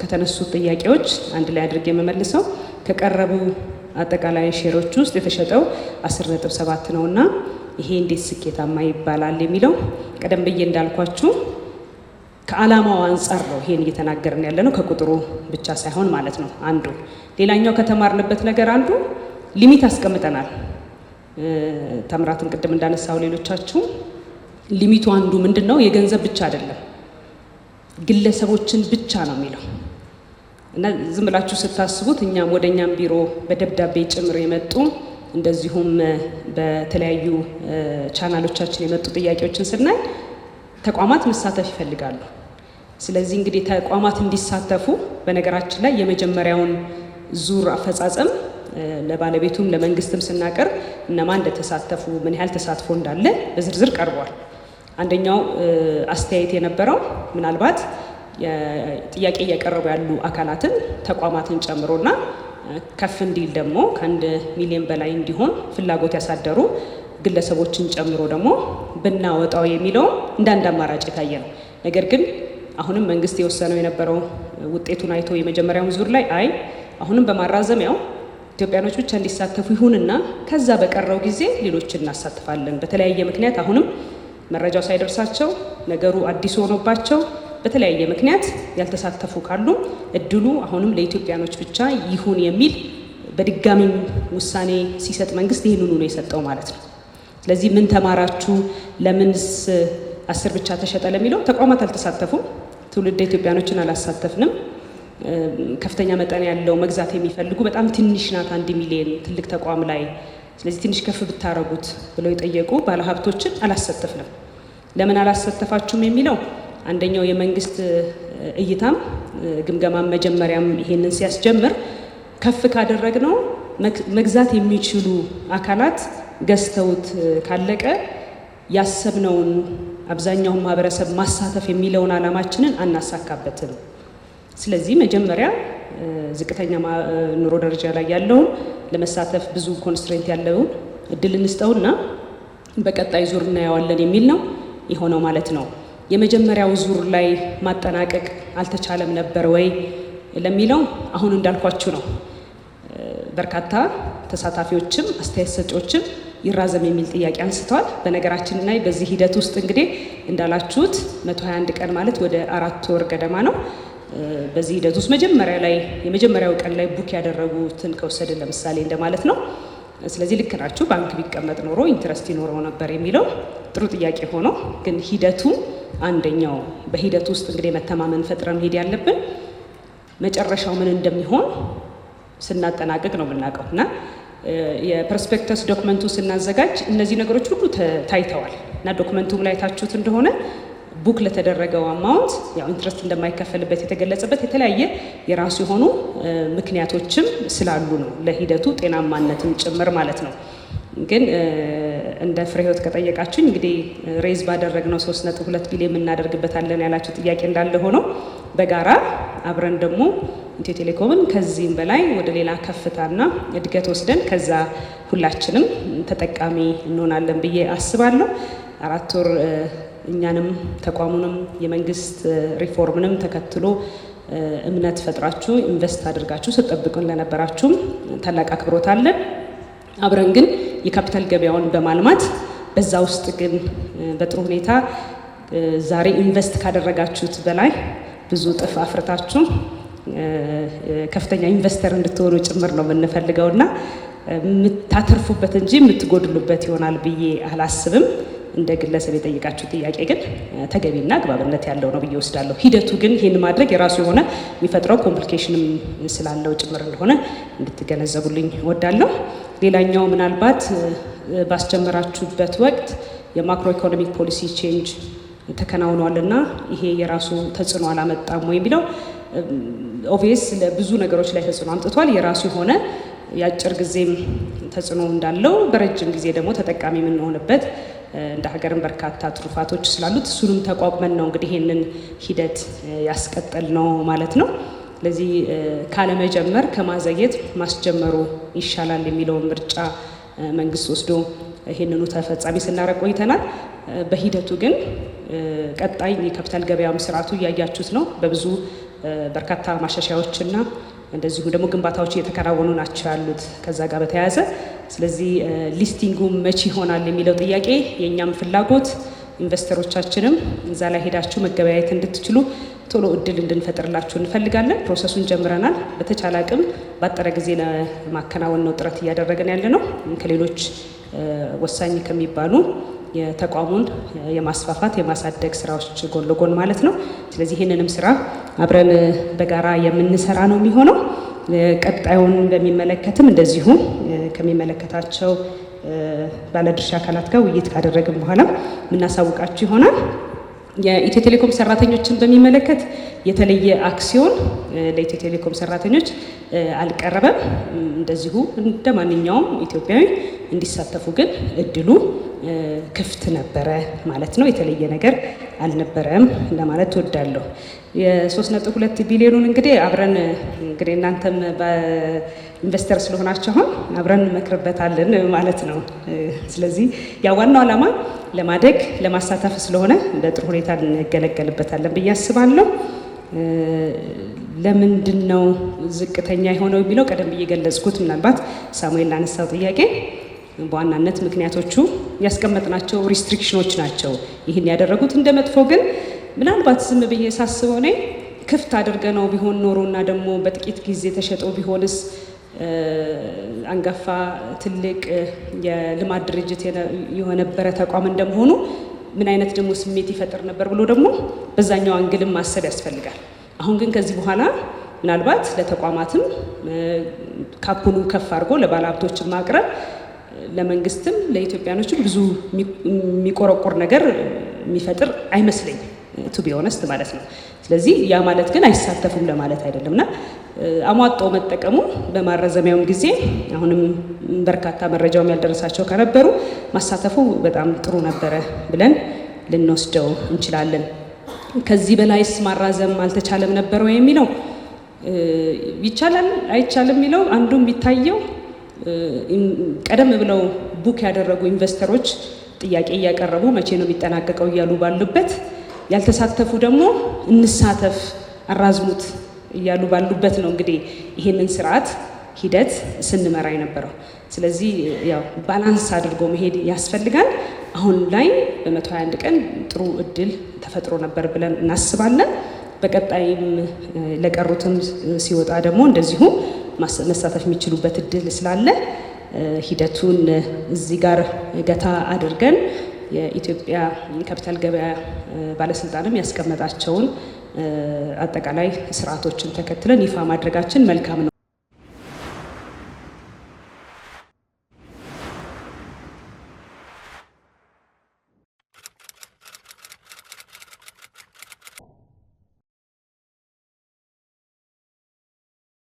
ከተነሱ ጥያቄዎች አንድ ላይ አድርጌ የምመልሰው ከቀረቡ አጠቃላይ ሼሮች ውስጥ የተሸጠው 17 ነው እና ይሄ እንዴት ስኬታማ ይባላል የሚለው ቀደም ብዬ እንዳልኳችሁ ከዓላማው አንጻር ነው ይሄን እየተናገርን ያለ ነው፣ ከቁጥሩ ብቻ ሳይሆን ማለት ነው። አንዱ ሌላኛው ከተማርንበት ነገር አንዱ ሊሚት አስቀምጠናል። ተምራትን ቅድም እንዳነሳው ሌሎቻችሁ ሊሚቱ አንዱ ምንድን ነው? የገንዘብ ብቻ አይደለም ግለሰቦችን ብቻ ነው የሚለው እና ዝም ብላችሁ ስታስቡት እኛም ወደ እኛም ቢሮ በደብዳቤ ጭምር የመጡ እንደዚሁም በተለያዩ ቻናሎቻችን የመጡ ጥያቄዎችን ስናይ ተቋማት መሳተፍ ይፈልጋሉ። ስለዚህ እንግዲህ ተቋማት እንዲሳተፉ በነገራችን ላይ የመጀመሪያውን ዙር አፈጻጸም ለባለቤቱም ለመንግስትም ስናቀርብ እነማን እንደተሳተፉ ምን ያህል ተሳትፎ እንዳለ በዝርዝር ቀርቧል። አንደኛው አስተያየት የነበረው ምናልባት ጥያቄ እያቀረቡ ያሉ አካላትን ተቋማትን ጨምሮና ከፍ እንዲል ደግሞ ከአንድ ሚሊዮን በላይ እንዲሆን ፍላጎት ያሳደሩ ግለሰቦችን ጨምሮ ደግሞ ብናወጣው የሚለው እንደ አንድ አማራጭ የታየ ነው። ነገር ግን አሁንም መንግስት የወሰነው የነበረው ውጤቱን አይቶ የመጀመሪያውን ዙር ላይ አይ አሁንም በማራዘሚያው ኢትዮጵያኖች ብቻ እንዲሳተፉ ይሁንና ከዛ በቀረው ጊዜ ሌሎች እናሳትፋለን። በተለያየ ምክንያት አሁንም መረጃው ሳይደርሳቸው ነገሩ አዲስ ሆኖባቸው በተለያየ ምክንያት ያልተሳተፉ ካሉ እድሉ አሁንም ለኢትዮጵያኖች ብቻ ይሁን የሚል በድጋሚም ውሳኔ ሲሰጥ መንግስት ይህንኑ ነው የሰጠው ማለት ነው። ስለዚህ ምን ተማራችሁ፣ ለምንስ አስር ብቻ ተሸጠ ለሚለው ተቋማት አልተሳተፉም፣ ትውልድ ኢትዮጵያኖችን አላሳተፍንም። ከፍተኛ መጠን ያለው መግዛት የሚፈልጉ በጣም ትንሽ ናት፣ አንድ ሚሊየን ትልቅ ተቋም ላይ ስለዚህ ትንሽ ከፍ ብታረጉት ብለው የጠየቁ ባለሀብቶችን አላሳተፍንም። ለምን አላሳተፋችሁም የሚለው አንደኛው የመንግስት እይታም ግምገማም መጀመሪያም ይሄንን ሲያስጀምር ከፍ ካደረግ ነው መግዛት የሚችሉ አካላት ገዝተውት ካለቀ ያሰብነውን አብዛኛውን ማህበረሰብ ማሳተፍ የሚለውን አላማችንን አናሳካበትም። ስለዚህ መጀመሪያ ዝቅተኛ ኑሮ ደረጃ ላይ ያለውን ለመሳተፍ ብዙ ኮንስትሬንት ያለውን እድል እንስጠውና በቀጣይ ዙር እናየዋለን የሚል ነው የሆነው ማለት ነው። የመጀመሪያው ዙር ላይ ማጠናቀቅ አልተቻለም ነበር ወይ ለሚለው አሁን እንዳልኳችሁ ነው። በርካታ ተሳታፊዎችም አስተያየት ሰጪዎችም ይራዘም የሚል ጥያቄ አንስተዋል። በነገራችን ላይ በዚህ ሂደት ውስጥ እንግዲህ እንዳላችሁት 121 ቀን ማለት ወደ አራት ወር ገደማ ነው። በዚህ ሂደት ውስጥ መጀመሪያ ላይ የመጀመሪያው ቀን ላይ ቡክ ያደረጉትን ከወሰድን ለምሳሌ እንደማለት ነው። ስለዚህ ልክ ናችሁ። ባንክ ቢቀመጥ ኖሮ ኢንትረስት ይኖረው ነበር የሚለው ጥሩ ጥያቄ ሆኖ ግን ሂደቱ አንደኛው በሂደት ውስጥ እንግዲህ መተማመን ፈጥረ መሄድ ያለብን መጨረሻው ምን እንደሚሆን ስናጠናቀቅ ነው የምናውቀው እና የፐርስፔክተስ ዶክመንቱ ስናዘጋጅ እነዚህ ነገሮች ሁሉ ታይተዋል እና ዶክመንቱም ላይ ታችሁት እንደሆነ ቡክ ለተደረገው አማውንት ያው ኢንትረስት እንደማይከፈልበት የተገለጸበት የተለያየ የራሱ የሆኑ ምክንያቶችም ስላሉ ነው ለሂደቱ ጤናማነትም ጭምር ማለት ነው ግን እንደ ፍሬ ህይወት ከጠየቃችሁኝ እንግዲህ ሬዝ ባደረግነው ሶስት ነጥብ ሁለት ቢሊዮን እናደርግበታለን ያላችሁ ጥያቄ እንዳለ ሆኖ በጋራ አብረን ደግሞ ኢትዮ ቴሌኮምን ከዚህም በላይ ወደ ሌላ ከፍታና እድገት ወስደን ከዛ ሁላችንም ተጠቃሚ እንሆናለን ብዬ አስባለሁ። አራት ወር እኛንም ተቋሙንም የመንግስት ሪፎርምንም ተከትሎ እምነት ፈጥራችሁ ኢንቨስት አድርጋችሁ ስትጠብቁን ለነበራችሁም ታላቅ አክብሮት አለን። አብረን ግን የካፒታል ገበያውን በማልማት በዛ ውስጥ ግን በጥሩ ሁኔታ ዛሬ ኢንቨስት ካደረጋችሁት በላይ ብዙ እጥፍ አፍርታችሁ ከፍተኛ ኢንቨስተር እንድትሆኑ ጭምር ነው የምንፈልገው እና የምታተርፉበት እንጂ የምትጎድሉበት ይሆናል ብዬ አላስብም። እንደ ግለሰብ የጠየቃችሁ ጥያቄ ግን ተገቢና አግባብነት ያለው ነው ብዬ ወስዳለሁ። ሂደቱ ግን ይህን ማድረግ የራሱ የሆነ የሚፈጥረው ኮምፕሊኬሽንም ስላለው ጭምር እንደሆነ እንድትገነዘቡልኝ እወዳለሁ። ሌላኛው ምናልባት ባስጀመራችሁበት ወቅት የማክሮ ኢኮኖሚክ ፖሊሲ ቼንጅ ተከናውኗል እና ይሄ የራሱ ተጽዕኖ አላመጣም ወይ የሚለው ኦቪየስ ለብዙ ነገሮች ላይ ተጽዕኖ አምጥቷል። የራሱ የሆነ የአጭር ጊዜም ተጽዕኖ እንዳለው በረጅም ጊዜ ደግሞ ተጠቃሚ የምንሆንበት እንደ ሀገርም በርካታ ትሩፋቶች ስላሉት እሱንም ተቋቁመን ነው እንግዲህ ይህንን ሂደት ያስቀጠል ነው ማለት ነው። ለዚህ ካለመጀመር ከማዘግየት ማስጀመሩ ይሻላል የሚለውን ምርጫ መንግስት ወስዶ ይህንኑ ተፈጻሚ ስናረግ ቆይተናል። በሂደቱ ግን ቀጣይ የካፒታል ገበያም ስርዓቱ እያያችሁት ነው። በብዙ በርካታ ማሻሻያዎችና እንደዚሁ ደግሞ ግንባታዎች እየተከናወኑ ናቸው ያሉት ከዛ ጋር በተያያዘ ስለዚህ ሊስቲንጉ መቼ ይሆናል የሚለው ጥያቄ የእኛም ፍላጎት ኢንቨስተሮቻችንም እዛ ላይ ሄዳችሁ መገበያየት እንድትችሉ ቶሎ እድል እንድንፈጥርላችሁ እንፈልጋለን። ፕሮሰሱን ጀምረናል። በተቻለ አቅም ባጠረ ጊዜ ለማከናወን ነው ጥረት እያደረገን ያለ ነው። ከሌሎች ወሳኝ ከሚባሉ የተቋሙን የማስፋፋት የማሳደግ ስራዎች ጎን ለጎን ማለት ነው። ስለዚህ ይህንንም ስራ አብረን በጋራ የምንሰራ ነው የሚሆነው። ቀጣዩን በሚመለከትም እንደዚሁ ከሚመለከታቸው ባለድርሻ አካላት ጋር ውይይት ካደረግን በኋላ የምናሳውቃችሁ ይሆናል። የኢትዮ ቴሌኮም ሰራተኞችን በሚመለከት የተለየ አክሲዮን ለኢትዮ ቴሌኮም ሰራተኞች አልቀረበም። እንደዚሁ እንደ ማንኛውም ኢትዮጵያዊ እንዲሳተፉ ግን እድሉ ክፍት ነበረ ማለት ነው። የተለየ ነገር አልነበረም ለማለት ትወዳለሁ። የ3.2 ሁለት ቢሊዮኑን እንግዲህ አብረን እንግዲህ እናንተም በኢንቨስተር ስለሆናችሁ አሁን አብረን እንመክርበታለን ማለት ነው። ስለዚህ ያ ዋናው ዓላማ ለማደግ ለማሳተፍ ስለሆነ በጥሩ ሁኔታ እንገለገልበታለን ብዬ አስባለሁ። ለምንድን ነው ዝቅተኛ የሆነው የሚለው ቀደም ብዬ ገለጽኩት። ምናልባት ሳሙኤል ላነሳው ጥያቄ በዋናነት ምክንያቶቹ ያስቀመጥናቸው ሪስትሪክሽኖች ናቸው። ይህን ያደረጉት እንደ መጥፎ ግን ምናልባት ዝም ብዬ ሳስበው እኔ ክፍት አድርገ ነው ቢሆን ኖሮ እና ደግሞ በጥቂት ጊዜ ተሸጠው ቢሆንስ አንጋፋ ትልቅ የልማት ድርጅት የነበረ ተቋም እንደመሆኑ ምን አይነት ደግሞ ስሜት ይፈጥር ነበር ብሎ ደግሞ በዛኛው አንግልም ማሰብ ያስፈልጋል። አሁን ግን ከዚህ በኋላ ምናልባት ለተቋማትም ካፑኑ ከፍ አድርጎ ለባለሀብቶችን ማቅረብ ለመንግስትም ለኢትዮጵያኖችም ብዙ የሚቆረቆር ነገር የሚፈጥር አይመስለኝም ቱ ቢሆነስት ማለት ነው። ስለዚህ ያ ማለት ግን አይሳተፉም ለማለት አይደለም እና አሟጦ መጠቀሙ በማራዘሚያውም ጊዜ አሁንም በርካታ መረጃውም ያልደረሳቸው ከነበሩ ማሳተፉ በጣም ጥሩ ነበረ ብለን ልንወስደው እንችላለን። ከዚህ በላይስ ማራዘም አልተቻለም ነበረው የሚለው ይቻላል አይቻልም የሚለው አንዱም ቢታየው ቀደም ብለው ቡክ ያደረጉ ኢንቨስተሮች ጥያቄ እያቀረቡ መቼ ነው የሚጠናቀቀው እያሉ ባሉበት ያልተሳተፉ ደግሞ እንሳተፍ አራዝሙት እያሉ ባሉበት ነው እንግዲህ ይሄንን ስርዓት ሂደት ስንመራ የነበረው። ስለዚህ ያው ባላንስ አድርጎ መሄድ ያስፈልጋል። አሁን ላይ በ121 ቀን ጥሩ እድል ተፈጥሮ ነበር ብለን እናስባለን። በቀጣይም ለቀሩትም ሲወጣ ደግሞ እንደዚሁ መሳተፍ የሚችሉበት እድል ስላለ ሂደቱን እዚህ ጋር ገታ አድርገን የኢትዮጵያ ካፒታል ገበያ ባለስልጣንም ያስቀመጣቸውን አጠቃላይ ስርዓቶችን ተከትለን ይፋ ማድረጋችን መልካም ነው።